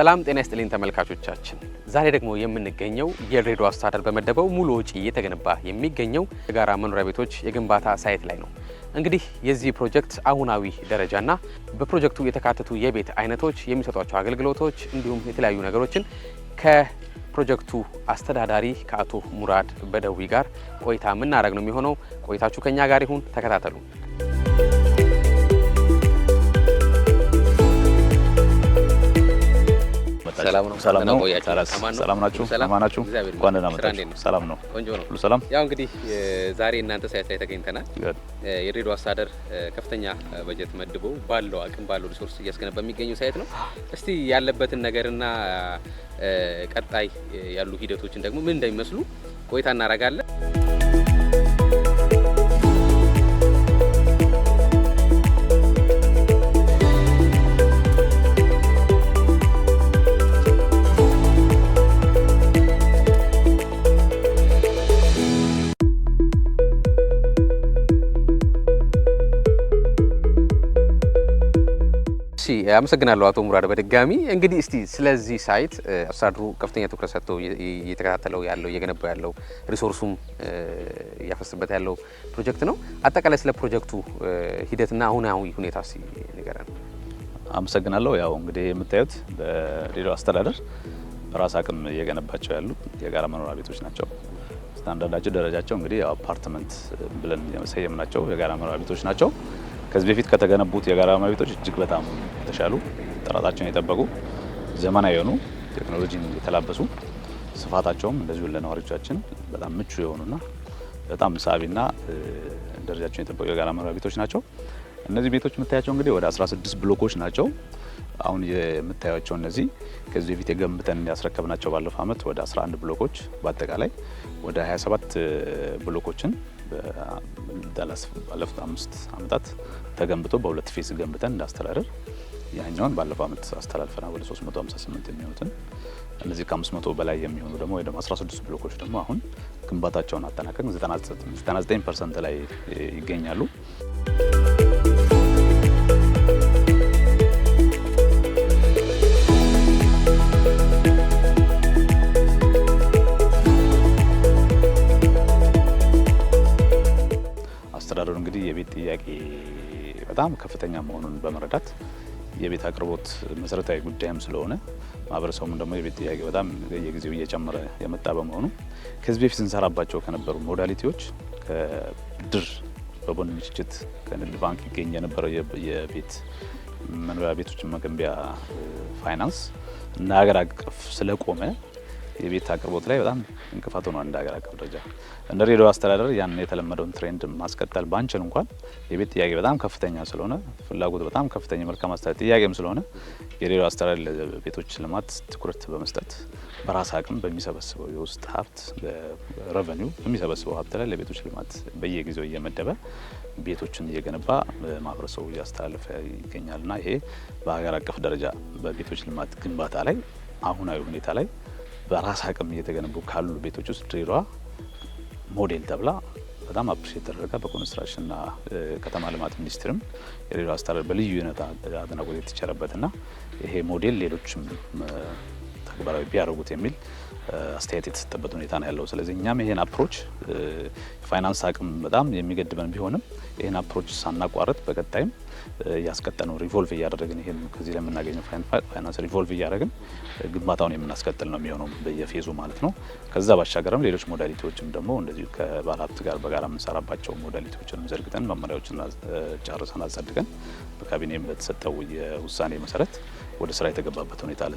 ሰላም ጤና ይስጥልኝ ተመልካቾቻችን። ዛሬ ደግሞ የምንገኘው የድሬዳዋ አስተዳደር በመደበው ሙሉ ወጪ እየተገነባ የሚገኘው የጋራ መኖሪያ ቤቶች የግንባታ ሳይት ላይ ነው። እንግዲህ የዚህ ፕሮጀክት አሁናዊ ደረጃና በፕሮጀክቱ የተካተቱ የቤት አይነቶች፣ የሚሰጧቸው አገልግሎቶች እንዲሁም የተለያዩ ነገሮችን ከፕሮጀክቱ አስተዳዳሪ ከአቶ ሙራድ በደዊ ጋር ቆይታ የምናደርግ ነው የሚሆነው። ቆይታችሁ ከኛ ጋር ይሁን፣ ተከታተሉ። ሰላም ነው። ሰላም ነው። ናችሁ? ሰላም ናችሁ? እንኳን ደህና መጣችሁ። ሰላም ነው። ቆንጆ ነው። ሁሉ ሰላም። ያው እንግዲህ ዛሬ እናንተ ሳይት ላይ ተገኝተናል። የድሬዳዋ አስተዳደር ከፍተኛ በጀት መድቦ ባለው አቅም ባለው ሪሶርስ እያስገነባ የሚገኙ ሳይት ነው። እስቲ ያለበትን ነገርና ቀጣይ ያሉ ሂደቶችን ደግሞ ምን እንደሚመስሉ ቆይታ እናደርጋለን። እሺ አመሰግናለሁ አቶ ሙራድ በድጋሚ እንግዲህ እስቲ ስለዚህ ሳይት አርሶ ከፍተኛ ትኩረት ሰጥቶ እየተከታተለው ያለው እየገነባው ያለው ሪሶርሱም እያፈስበት ያለው ፕሮጀክት ነው። አጠቃላይ ስለ ፕሮጀክቱ ሂደትና አሁናዊ ሁኔታ እስቲ ንገረን። አመሰግናለሁ። ያው እንግዲህ የምታዩት በሌላው አስተዳደር በራስ አቅም እየገነባቸው ያሉ የጋራ መኖሪያ ቤቶች ናቸው። ስታንዳርዳቸው ደረጃቸው እንግዲህ አፓርትመንት ብለን ናቸው የጋራ መኖሪያ ቤቶች ናቸው። ከዚህ በፊት ከተገነቡት የጋራ መኖሪያ ቤቶች እጅግ በጣም የተሻሉ ጥራታቸውን የጠበቁ ዘመናዊ የሆኑ ቴክኖሎጂን የተላበሱ ስፋታቸውም እንደዚሁ ለነዋሪዎቻችን በጣም ምቹ የሆኑና በጣም ሳቢና ደረጃቸውን የጠበቁ የጋራ መኖሪያ ቤቶች ናቸው። እነዚህ ቤቶች የምታያቸው እንግዲህ ወደ 16 ብሎኮች ናቸው። አሁን የምታያቸው እነዚህ ከዚህ በፊት የገንብተን ያስረከብናቸው ባለፈው ዓመት ወደ 11 ብሎኮች በአጠቃላይ ወደ 27 ብሎኮችን ባለፉት አምስት አመታት ተገንብቶ በሁለት ፌዝ ገንብተን እንዳስተዳደር ያኛውን ባለፈው ዓመት አስተላልፈና ወደ 358 የሚሆኑትን እነዚህ ከ500 በላይ የሚሆኑ ደግሞ ወይ ደግሞ 16 ብሎኮች ደግሞ አሁን ግንባታቸውን አጠናቀቅ 99 ፐርሰንት ላይ ይገኛሉ። በጣም ከፍተኛ መሆኑን በመረዳት የቤት አቅርቦት መሰረታዊ ጉዳይም ስለሆነ ማህበረሰቡም ደግሞ የቤት ጥያቄ በጣም የጊዜው እየጨመረ የመጣ በመሆኑ ከዚህ በፊት ስንሰራባቸው ከነበሩ ሞዳሊቲዎች ከብድር በቦንድ ምችችት ከንግድ ባንክ ይገኝ የነበረው የቤት መኖሪያ ቤቶችን መገንቢያ ፋይናንስ እና ሀገር አቀፍ ስለቆመ የቤት አቅርቦት ላይ በጣም እንቅፋት ሆኗል። እንደ ሀገር አቀፍ ደረጃ እንደ ሬዲዮ አስተዳደር ያን የተለመደውን ትሬንድ ማስቀጠል ባንችል እንኳን የቤት ጥያቄ በጣም ከፍተኛ ስለሆነ ፍላጎት በጣም ከፍተኛ መልካም አስተዳደር ጥያቄም ስለሆነ የሬዲዮ አስተዳደር ለቤቶች ልማት ትኩረት በመስጠት በራስ አቅም በሚሰበስበው የውስጥ ሀብት ረቨኒው በሚሰበስበው ሀብት ላይ ለቤቶች ልማት በየጊዜው እየመደበ ቤቶችን እየገነባ ማህበረሰቡ እያስተላለፈ ይገኛልና ይሄ በሀገር አቀፍ ደረጃ በቤቶች ልማት ግንባታ ላይ አሁናዊ ሁኔታ ላይ በራስ አቅም እየተገነቡ ካሉ ቤቶች ውስጥ ድሬዳዋ ሞዴል ተብላ በጣም አፕሪሼት ተደረጋ። በኮንስትራክሽንና ከተማ ልማት ሚኒስትርም የድሬዳዋ አስተዳደር በልዩ ሁኔታ አድናቆት የተቸረበትና ይሄ ሞዴል ሌሎችም ተግባራዊ ቢያደርጉት የሚል አስተያየት የተሰጠበት ሁኔታ ነው ያለው። ስለዚህ እኛም ይህን አፕሮች የፋይናንስ አቅም በጣም የሚገድበን ቢሆንም ይህን አፕሮች ሳናቋረጥ በቀጣይም እያስቀጠነው ሪቮልቭ እያደረግን ይህን ከዚህ ለምናገኘው ፋይናንስ ሪቮልቭ እያደረግን ግንባታውን የምናስቀጥል ነው የሚሆነው በየፌዙ ማለት ነው። ከዛ ባሻገርም ሌሎች ሞዳሊቲዎችም ደግሞ እንደዚሁ ከባለሀብት ጋር በጋራ የምንሰራባቸው ሞዳሊቲዎችንም ዘርግተን መመሪያዎችን ጨርሰን አጸድቀን በካቢኔም በተሰጠው የውሳኔ መሰረት ወደ ስራ የተገባበት ሁኔታ አለ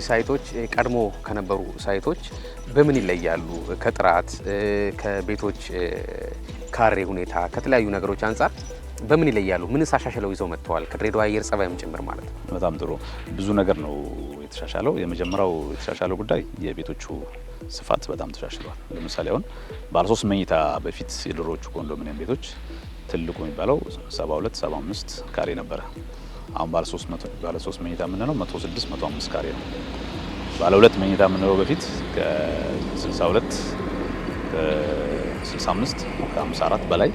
እነዚህ ሳይቶች ቀድሞ ከነበሩ ሳይቶች በምን ይለያሉ? ከጥራት ከቤቶች ካሬ ሁኔታ ከተለያዩ ነገሮች አንጻር በምን ይለያሉ? ምንስ አሻሽለው ይዘው መጥተዋል? ከድሬዳዋ አየር ጸባይም ጭምር ማለት ነው። በጣም ጥሩ። ብዙ ነገር ነው የተሻሻለው። የመጀመሪያው የተሻሻለው ጉዳይ የቤቶቹ ስፋት በጣም ተሻሽሏል። ለምሳሌ አሁን ባለሶስት መኝታ በፊት የድሮዎቹ ኮንዶሚኒየም ቤቶች ትልቁ የሚባለው 72 75 ካሬ ነበረ። አሁን ባለ 300 ባለ 3 መኝታ የምንለው 106 105 ካሬ ነው። ባለ ሁለት መኝታ የምንለው በፊት ከ62 65 ከ54 በላይ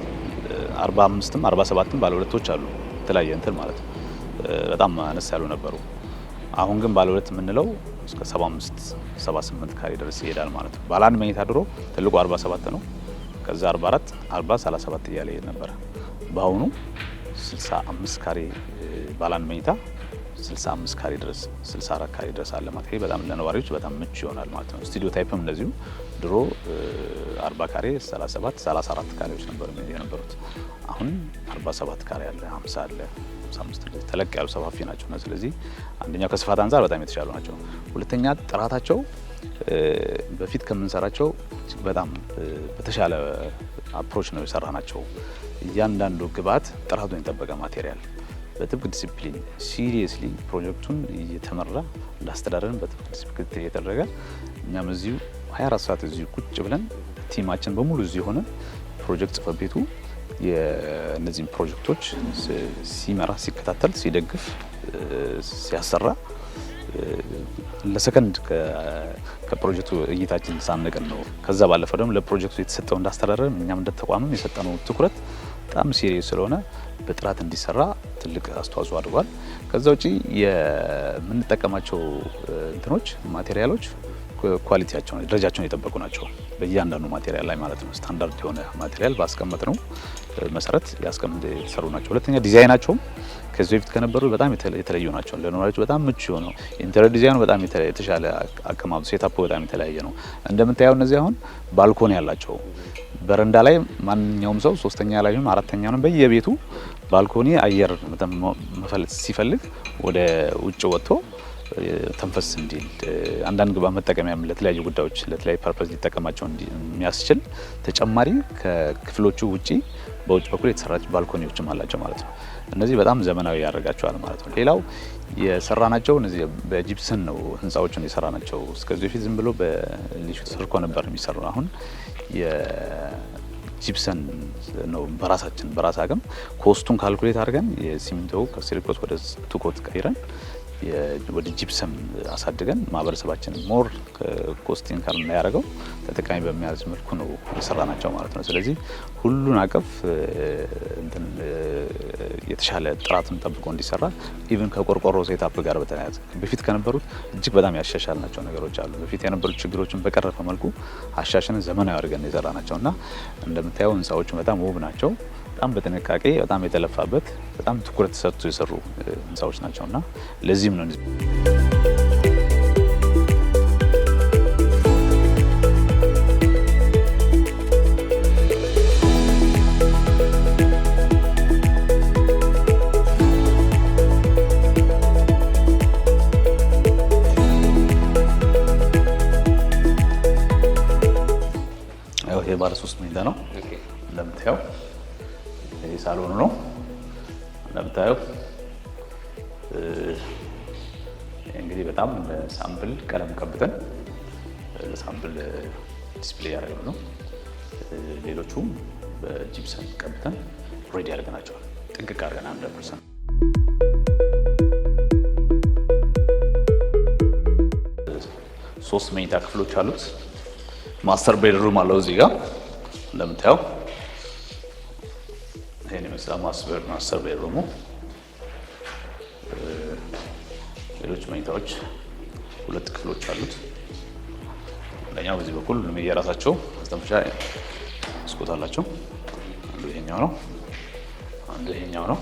45ም 47ም ባለ ሁለቶች አሉ። የተለያየ እንትን ማለት ነው። በጣም አነስ ያሉ ነበሩ። አሁን ግን ባለ ሁለት የምንለው እስከ 75 78 ካሬ ድረስ ይሄዳል ማለት ነው። ባለ አንድ መኝታ ድሮ ትልቁ 47 ነው። ከዛ 44 40 37 እያለ ይሄድ ነበር። በአሁኑ 65 ካሬ ባለአንድ መኝታ 65 ካሬ ድረስ 64 ካሬ ድረስ አለ ማለት ይሄ በጣም ለነዋሪዎች በጣም ምቹ ይሆናል ማለት ነው። ስቱዲዮ ታይፕም እንደዚሁ ድሮ 40 ካሬ 37 34 ካሬዎች ነበር የነበሩት። አሁን 47 ካሬ አለ፣ 50 አለ፣ 55 እንደዚህ ተለቅ ያሉ ሰፋፊ ናቸው እና ስለዚህ አንደኛ ከስፋት አንጻር በጣም የተሻሉ ናቸው። ሁለተኛ ጥራታቸው በፊት ከምንሰራቸው በጣም በተሻለ አፕሮች ነው የሰራ ናቸው። እያንዳንዱ ግብዓት ጥራቱን የጠበቀ ማቴሪያል በጥብቅ ዲሲፕሊን ሲሪየስሊ ፕሮጀክቱን እየተመራ እንዳስተዳደርን በጥብቅ ዲሲፕሊን ክትትል እየተደረገ እኛም እዚሁ 24 ሰዓት እዚሁ ቁጭ ብለን ቲማችን በሙሉ እዚሁ ሆነ ፕሮጀክት ጽፈት ቤቱ የእነዚህም ፕሮጀክቶች ሲመራ፣ ሲከታተል፣ ሲደግፍ፣ ሲያሰራ ለሰከንድ ከፕሮጀክቱ እይታችን ሳንቀር ነው። ከዛ ባለፈ ደግሞ ለፕሮጀክቱ የተሰጠው እንዳስተዳደር እኛም እንደተቋምም የሰጠነው ትኩረት በጣም ሲሪየስ ስለሆነ በጥራት እንዲሰራ ትልቅ አስተዋጽኦ አድርጓል። ከዛ ውጪ የምንጠቀማቸው እንትኖች ማቴሪያሎች ኳሊቲያቸውን ደረጃቸውን የጠበቁ ናቸው። በእያንዳንዱ ማቴሪያል ላይ ማለት ነው። ስታንዳርድ የሆነ ማቴሪያል ባስቀመጥ ነው መሰረት ያስቀምጥ የተሰሩ ናቸው። ሁለተኛ ዲዛይናቸውም ከዚህ በፊት ከነበሩ በጣም የተለዩ ናቸው። ለነዋሪዎች በጣም ምቹ የሆነው ኢንተሪየር ዲዛይኑ በጣም የተሻለ አቀማመጡ፣ ሴታፑ በጣም የተለያየ ነው። እንደምታየው እነዚህ አሁን ባልኮን ያላቸው በረንዳ ላይ ማንኛውም ሰው ሶስተኛ ላይም ነው በየቤቱ ባልኮኒ አየር መፈለጥ ሲፈልግ ወደ ውጭ ወጥቶ ተንፈስ እንዲል አንዳንድ ግባ መጠቀሚያም ለተለያዩ ጉዳዮች ለተለያዩ ፐርፐዝ ሊጠቀማቸው የሚያስችል ተጨማሪ ከክፍሎቹ ውጪ በውጭ በኩል የተሰራች ባልኮኒዎችም አላቸው ማለት ነው። እነዚህ በጣም ዘመናዊ ያደርጋቸዋል ማለት ነው። ሌላው የሰራናቸው እነዚህ በጂፕሰን ነው የሰራ ናቸው። እስከዚህ በፊት ዝም ብሎ በሊሾ ተሰርኮ ነበር የሚሰሩ አሁን ጂፕሰን ነው በራሳችን በራስ አቅም ኮስቱን ካልኩሌት አድርገን የሲሚንቶ ከሲሪኮት ወደ ቱኮት ቀይረን ወደ ጂፕሰም አሳድገን ማህበረሰባችን ሞር ኮስቲን ኢንከም ያደረገው ተጠቃሚ በሚያዝ መልኩ ነው የሰራ ናቸው ማለት ነው። ስለዚህ ሁሉን አቀፍ የተሻለ ጥራትን ጠብቆ እንዲሰራ ኢቭን ከቆርቆሮ ሴታፕ ጋር በተያያዘ በፊት ከነበሩት እጅግ በጣም ያሻሻል ናቸው ነገሮች አሉ። በፊት የነበሩት ችግሮችን በቀረፈ መልኩ አሻሽንን ዘመናዊ አድርገን የሰራ ናቸው እና እንደምታየው ህንፃዎቹ በጣም ውብ ናቸው። በጣም በጥንቃቄ በጣም የተለፋበት በጣም ትኩረት ሰጥቶ የሰሩ ህንፃዎች ናቸው እና ለዚህም ነው ባለ ሶስት መኝታ ነው እንደምታየው ሳሎኑ ነው እንደምታየው። እንግዲህ በጣም ሳምፕል ቀለም ቀብተን ሳምፕል ዲስፕሌይ ያደረግነው ነው። ሌሎቹም በጂፕሰን ቀብተን ሬዲ ያደርገናቸዋል። ጥንቅቅ አድርገን አንድ ፐርሰንት ሶስት መኝታ ክፍሎች አሉት። ማስተር ቤድሩም አለው እዚህ ጋር እንደምታየው Yeni mesela ማስበር ማሰብ የሮሙ ሌሎች መኝታዎች ሁለት ክፍሎች አሉት። አንደኛው በዚህ በኩል የራሳቸው መስተንፈሻ መስኮት አላቸው። አንዱ ይሄኛው ነው፣ አንዱ ይሄኛው ነው።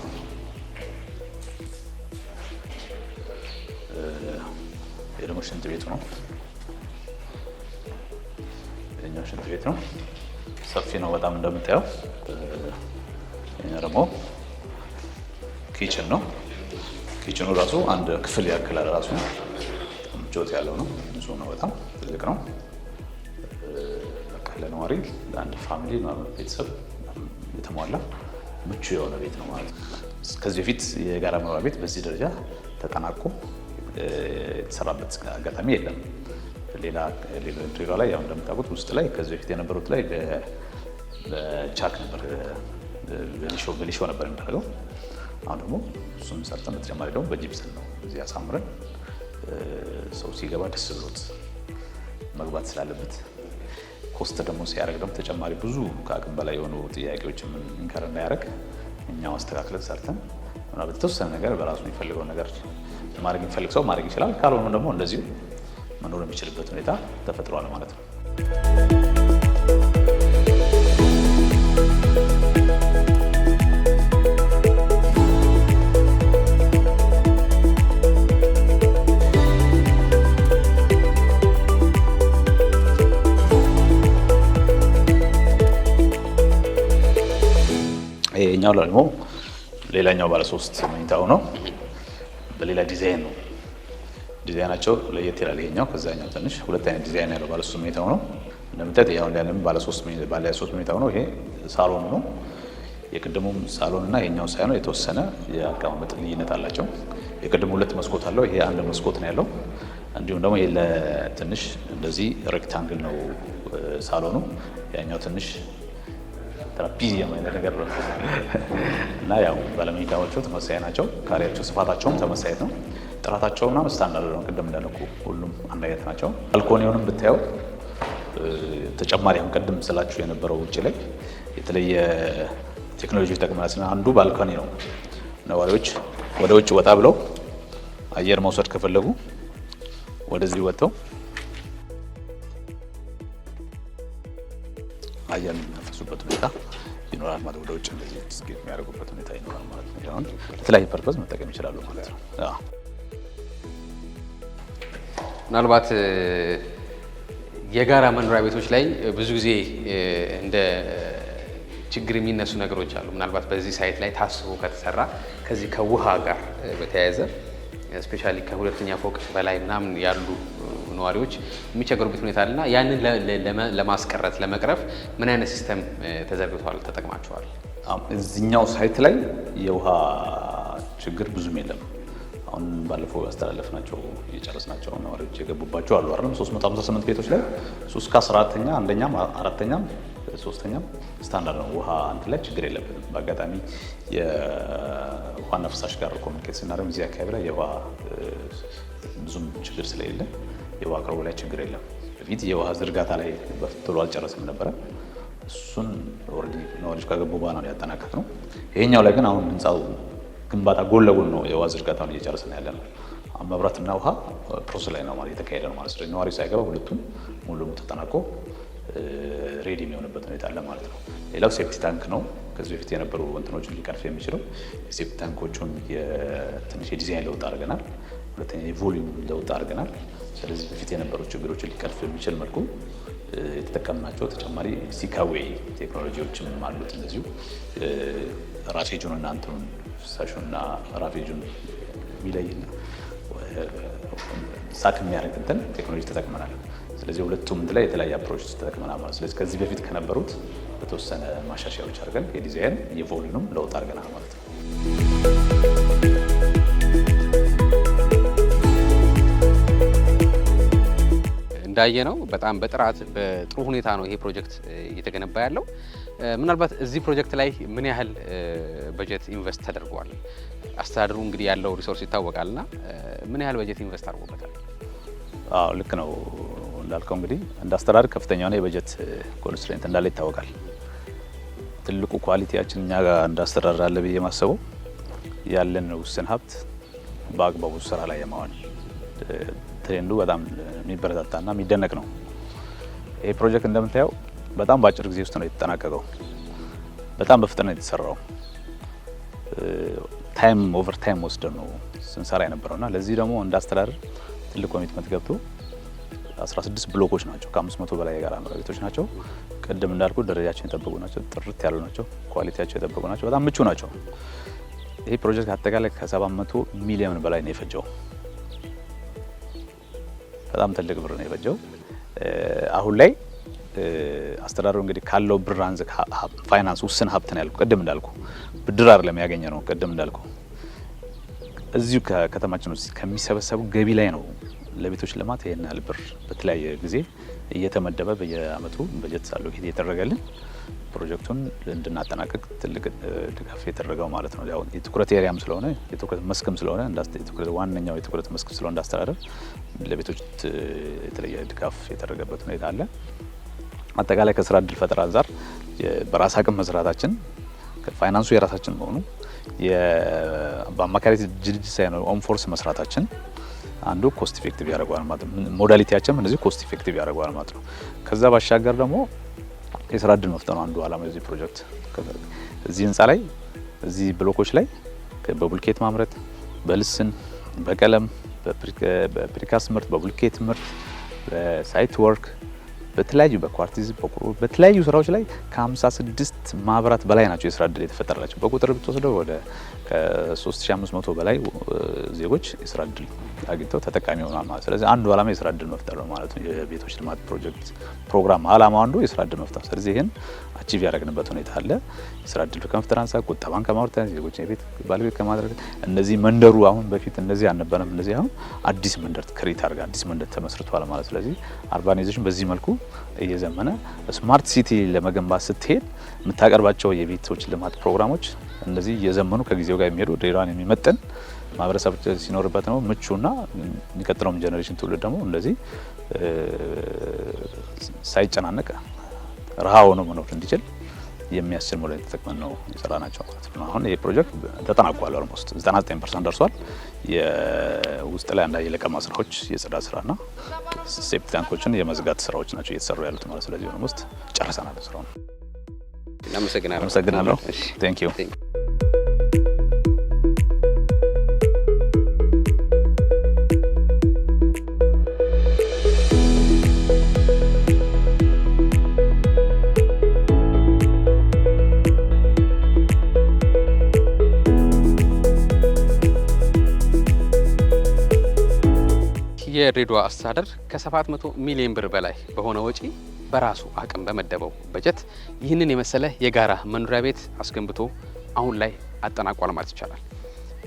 ይሄ ደግሞ ሽንት ቤቱ ነው። ይሄኛው ሽንት ቤት ነው። ሰፊ ነው በጣም እንደምታየው ይሄ ደግሞ ኪችን ነው። ኪችኑ ራሱ አንድ ክፍል ያክላል። ራሱ ምቾት ያለው ነው። ንጹህ ነው። በጣም ትልቅ ነው። በቃ ለነዋሪ ለአንድ ፋሚሊ ቤተሰብ የተሟላ ምቹ የሆነ ቤት ነው ማለት ነው። ከዚህ በፊት የጋራ መኖሪያ ቤት በዚህ ደረጃ ተጠናቆ የተሰራበት አጋጣሚ የለም። ሌላ ኢንቴሪራ ላይ ያው እንደምታውቁት ውስጥ ላይ ከዚህ በፊት የነበሩት ላይ በቻክ ነበር በሊሾ ነበር የሚደረገው። አሁን ደግሞ እሱም ሰርተን በተጨማሪ ደግሞ በጂፕሰን ነው እዚህ አሳምረን ሰው ሲገባ ደስ ብሎት መግባት ስላለበት ኮስት ደግሞ ሲያደርግ ደግሞ ተጨማሪ ብዙ ከአቅም በላይ የሆኑ ጥያቄዎች የምንከር እንዳያደርግ እኛው አስተካክለን ሰርተን በተወሰነ ነገር በራሱ የሚፈልገው ነገር ማድረግ የሚፈልግ ሰው ማድረግ ይችላል። ካልሆኑ ደግሞ እንደዚሁ መኖር የሚችልበት ሁኔታ ተፈጥሯል ማለት ነው። ይሄኛው ደግሞ ሌላኛው ባለ ሶስት መኝታው ነው። በሌላ ዲዛይን ነው። ዲዛይናቸው ለየት ይላል። ይሄኛው ከዛኛው ትንሽ ሁለት አይነት ዲዛይን ያለው ባለ ሶስት መኝታው ነው። እንደምታት ያው እንዳለም ባለ ሶስት መኝታው ነው። ይሄ ሳሎኑ ነው። የቅድሙም ሳሎን እና ይሄኛው ሳይ ነው የተወሰነ የአቀማመጥ ልዩነት አላቸው። የቅድሙ ሁለት መስኮት አለው። ይሄ አንድ መስኮት ነው ያለው። እንዲሁም ደግሞ ይሄ ለትንሽ እንደዚህ ሬክታንግል ነው ሳሎኑ። ያኛው ትንሽ ትራፒዚየም አይነት ነገር ነው እና ያው ባለመኝታዎቹ ተመሳሳይ ናቸው። ካሬያቸው ስፋታቸውም ተመሳሳይ ነው። ጥራታቸውና ስታንዳርድ ነው። ቅድም እንዳልኩ ሁሉም አንድ አይነት ናቸው። ባልኮኒውንም ብታየው ተጨማሪ አሁን ቅድም ስላችሁ የነበረው ውጭ ላይ የተለየ ቴክኖሎጂ ተቀመናስና አንዱ ባልኮኒ ነው። ነዋሪዎች ወደ ውጭ ወጣ ብለው አየር መውሰድ ከፈለጉ ወደዚህ ወጥተው አየር የሚያፈሱበት ሁኔታ ይኖራል ማለት ወደ ውጭ እንደዚህ የሚያደርጉበት ሁኔታ ይኖራል ማለት ነው። ይሁን የተለያየ ፐርፐዝ መጠቀም ይችላሉ ማለት ነው። ምናልባት የጋራ መኖሪያ ቤቶች ላይ ብዙ ጊዜ እንደ ችግር የሚነሱ ነገሮች አሉ። ምናልባት በዚህ ሳይት ላይ ታስቦ ከተሰራ ከዚህ ከውሃ ጋር በተያያዘ ስፔሻሊ ከሁለተኛ ፎቅ በላይ ምናምን ያሉ ነዋሪዎች የሚቸገሩበት ሁኔታ አለና ያንን ለማስቀረት ለመቅረፍ ምን አይነት ሲስተም ተዘርግቷል ተጠቅማቸዋል? እዚኛው ሳይት ላይ የውሃ ችግር ብዙም የለም። አሁን ባለፈው የጨረስ ናቸው ነዋሪዎች የገቡባቸው አሉ አይደለም 358 ቤቶች ላይ ሶስት ከ 14 አንደኛም አራተኛም ሶስተኛም ስታንዳርድ ነው። ውሃ አንድ ላይ ችግር የለብንም። በአጋጣሚ የውሃና ፍሳሽ ጋር ኮሚኒኬት ስናደርግ እዚህ አካባቢ ላይ የውሃ ብዙም ችግር ስለሌለ የውሃ አቅርቦ ላይ ችግር የለም። በፊት የውሃ ዝርጋታ ላይ ቶሎ አልጨረስም ነበረ። እሱን ነዋሪዎች ከገቡ በኋላ ነው ያጠናቀቅ ነው። ይሄኛው ላይ ግን አሁን ህንፃው ግንባታ ጎን ለጎን ነው የውሃ ዝርጋታውን እየጨረስን ያለ ነው። መብራትና ውሃ ፕሮሰስ ላይ ነው የተካሄደ ነው ማለት ነው። ነዋሪ ሳይገባ ሁለቱም ሙሉ ተጠናቆ ሬዲ የሚሆንበት ሁኔታ አለ ማለት ነው። ሌላው ሴፍቲ ታንክ ነው። ከዚህ በፊት የነበሩ እንትኖችን ሊቀርፍ የሚችለው የሴፕቲ ታንኮቹን ትንሽ የዲዛይን ለውጥ አድርገናል። ሁለተኛ የቮሊዩም ለውጥ አድርገናል። ስለዚህ በፊት የነበሩ ችግሮችን ሊቀርፍ የሚችል መልኩ የተጠቀምናቸው ተጨማሪ ሲካዌይ ቴክኖሎጂዎችም አሉት። እንደዚሁ ራፌጁን እና እንትኑን ሳሹና ራፌጁን የሚለይ ሳክ የሚያደርግ እንትን ቴክኖሎጂ ተጠቅመናል። ስለዚህ ሁለቱም ላይ የተለያየ አፕሮች ተጠቅመናል ማለት። ስለዚህ ከዚህ በፊት ከነበሩት በተወሰነ ማሻሻያዎች አድርገን የዲዛይን የቮሊኑም ለውጥ አድርገናል ማለት ነው። ነው በጣም በጥራት በጥሩ ሁኔታ ነው ይሄ ፕሮጀክት እየተገነባ ያለው። ምናልባት እዚህ ፕሮጀክት ላይ ምን ያህል በጀት ኢንቨስት ተደርጓል? አስተዳደሩ እንግዲህ ያለው ሪሶርስ ይታወቃል እና ምን ያህል በጀት ኢንቨስት አድርጎበታል? አዎ ልክ ነው እንዳልከው እንግዲህ እንደ አስተዳደር ከፍተኛ የሆነ የበጀት ኮንስትሬንት እንዳለ ይታወቃል። ትልቁ ኳሊቲያችን እኛ ጋር እንደ አስተዳደር አለ ብዬ ማሰበው ያለን ውስን ሀብት በአግባቡ ስራ ላይ የማዋል ትሬንዱ በጣም የሚበረታታና የሚደነቅ ነው። ይህ ፕሮጀክት እንደምታየው በጣም በአጭር ጊዜ ውስጥ ነው የተጠናቀቀው። በጣም በፍጥነት የተሰራው ታይም ኦቨር ታይም ወስደ ነው ስንሰራ እና ለዚህ ደግሞ እንደ አስተዳደር ትልቅ ኮሚትመንት ገብቶ 16 ብሎኮች ናቸው። ከ500 በላይ የጋራ መኖሪያ ቤቶች ናቸው። ቅድም እንዳልኩ ደረጃቸውን የጠበቁ ናቸው። ጥርት ያሉ ናቸው። ኳሊቲያቸው የጠበቁ ናቸው። በጣም ምቹ ናቸው። ይህ ፕሮጀክት አጠቃላይ ከ700 ሚሊዮን በላይ ነው የፈጀው። በጣም ትልቅ ብር ነው የፈጀው። አሁን ላይ አስተዳደሩ እንግዲህ ካለው ብር አንዝ ፋይናንስ ውስን ሀብት ነው ያልኩ፣ ቅድም እንዳልኩ ብድር አይደለም ያገኘ ነው። ቅድም እንዳልኩ እዚሁ ከከተማችን ውስጥ ከሚሰበሰቡ ገቢ ላይ ነው ለቤቶች ልማት ይህን ያህል ብር በተለያየ ጊዜ እየተመደበ በየአመቱ በጀት ሳለው አሎኬት እየተደረገልን ፕሮጀክቱን እንድናጠናቀቅ ትልቅ ድጋፍ የተደረገው ማለት ነው። ያው የትኩረት ኤሪያም ስለሆነ የትኩረት መስክም ስለሆነ ዋነኛው የትኩረት መስክ ስለሆነ እንዳስተዳደር ለቤቶች የተለየ ድጋፍ የተደረገበት ሁኔታ አለ። አጠቃላይ ከስራ እድል ፈጠር አንጻር በራስ አቅም መስራታችን ፋይናንሱ የራሳችን መሆኑ በአማካሪ ድርጅት ሳይሆን ኦንፎርስ መስራታችን አንዱ ኮስት ኢፌክቲቭ ያደርገዋል ማለት ነው። ሞዳሊቲያችን እነዚህ ኮስት ኢፌክቲቭ ያደርገዋል ማለት ነው። ከዛ ባሻገር ደግሞ የስራ እድል መፍጠር ነው አንዱ አላማ የዚህ ፕሮጀክት። እዚህ ህንፃ ላይ እዚህ ብሎኮች ላይ በቡልኬት ማምረት በልስን በቀለም በፕሪካስ ምርት በቡልኬት ምርት በሳይት ወርክ በተለያዩ በኳርቲዝ በቁሩ በተለያዩ ስራዎች ላይ ከ56 ማህበራት በላይ ናቸው የስራ እድል የተፈጠረላቸው። በቁጥር ብትወስደው ወደ ከ3500 በላይ ዜጎች የስራ እድል አግኝተው ተጠቃሚ ሆኗል ማለት። ስለዚህ አንዱ ዓላማ የስራ እድል መፍጠር ነው ማለት ነው። የቤቶች ልማት ፕሮጀክት ፕሮግራም ዓላማ አንዱ የስራ እድል መፍጠር። ስለዚህ ይህን አቺቭ ያደረግንበት ሁኔታ አለ። የስራ እድል ከመፍጠር አንሳ ቁጠባን ከማውርታ ዜጎች የቤት ባለቤት ከማድረግ እነዚህ መንደሩ አሁን በፊት እነዚህ አልነበረም። እነዚህ አሁን አዲስ መንደር ክሬት አድርገ አዲስ መንደር ተመስርቷል ማለት ስለዚህ አርባናይዜሽን በዚህ መልኩ እየዘመነ ስማርት ሲቲ ለመገንባት ስትሄድ የምታቀርባቸው የቤቶች ልማት ፕሮግራሞች እነዚህ እየዘመኑ ከጊዜው ጋር የሚሄዱ ድሬዳዋን የሚመጥን ማህበረሰብ ሲኖርበት ነው ምቹና የሚቀጥለውም ጀኔሬሽን ትውልድ ደግሞ እንደዚህ ሳይጨናነቅ ረሃ ሆኖ መኖር እንዲችል የሚያስችል ሞዴል ተጠቅመን ነው የሰራናቸው ማለት ነው። አሁን ይህ ፕሮጀክት ተጠናቋል። ኦልሞስት 99 ፐርሰንት ደርሷል። የውስጥ ላይ አንዳንድ የለቀማ ስራዎች፣ የጽዳት ስራና ሴፕቲ ታንኮችን የመዝጋት ስራዎች ናቸው እየተሰሩ ያሉት ማለት ስለዚህ ኦልሞስት ጨርሰናል ስራውን። አመሰግናለሁ። ቴንክ ዩ የድሬዳዋ አስተዳደር ከ700 ሚሊዮን ብር በላይ በሆነ ወጪ በራሱ አቅም በመደበው በጀት ይህንን የመሰለ የጋራ መኖሪያ ቤት አስገንብቶ አሁን ላይ አጠናቋል ማለት ይቻላል።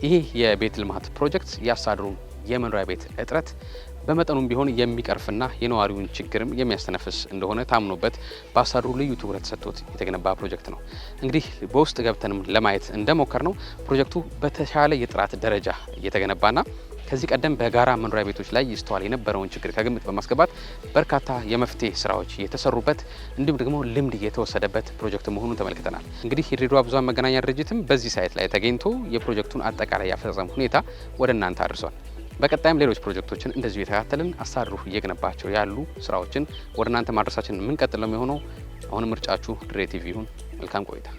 ይህ የቤት ልማት ፕሮጀክት የአስተዳደሩን የመኖሪያ ቤት እጥረት በመጠኑም ቢሆን የሚቀርፍና የነዋሪውን ችግርም የሚያስተነፍስ እንደሆነ ታምኖበት በአስተዳደሩ ልዩ ትኩረት ተሰጥቶት የተገነባ ፕሮጀክት ነው። እንግዲህ በውስጥ ገብተንም ለማየት እንደሞከር ነው ፕሮጀክቱ በተሻለ የጥራት ደረጃ እየተገነባና ከዚህ ቀደም በጋራ መኖሪያ ቤቶች ላይ ይስተዋል የነበረውን ችግር ከግምት በማስገባት በርካታ የመፍትሄ ስራዎች የተሰሩበት እንዲሁም ደግሞ ልምድ የተወሰደበት ፕሮጀክት መሆኑን ተመልክተናል። እንግዲህ የድሬዳዋ ብዙሃን መገናኛ ድርጅትም በዚህ ሳይት ላይ ተገኝቶ የፕሮጀክቱን አጠቃላይ ያፈጻጸም ሁኔታ ወደ እናንተ አድርሷል። በቀጣይም ሌሎች ፕሮጀክቶችን እንደዚሁ የተካተልን አሳድሩ እየገነባቸው ያሉ ስራዎችን ወደ እናንተ ማድረሳችን የምንቀጥለው የሆነው አሁን ምርጫችሁ ድሬ ቲቪ ይሁን። መልካም ቆይታ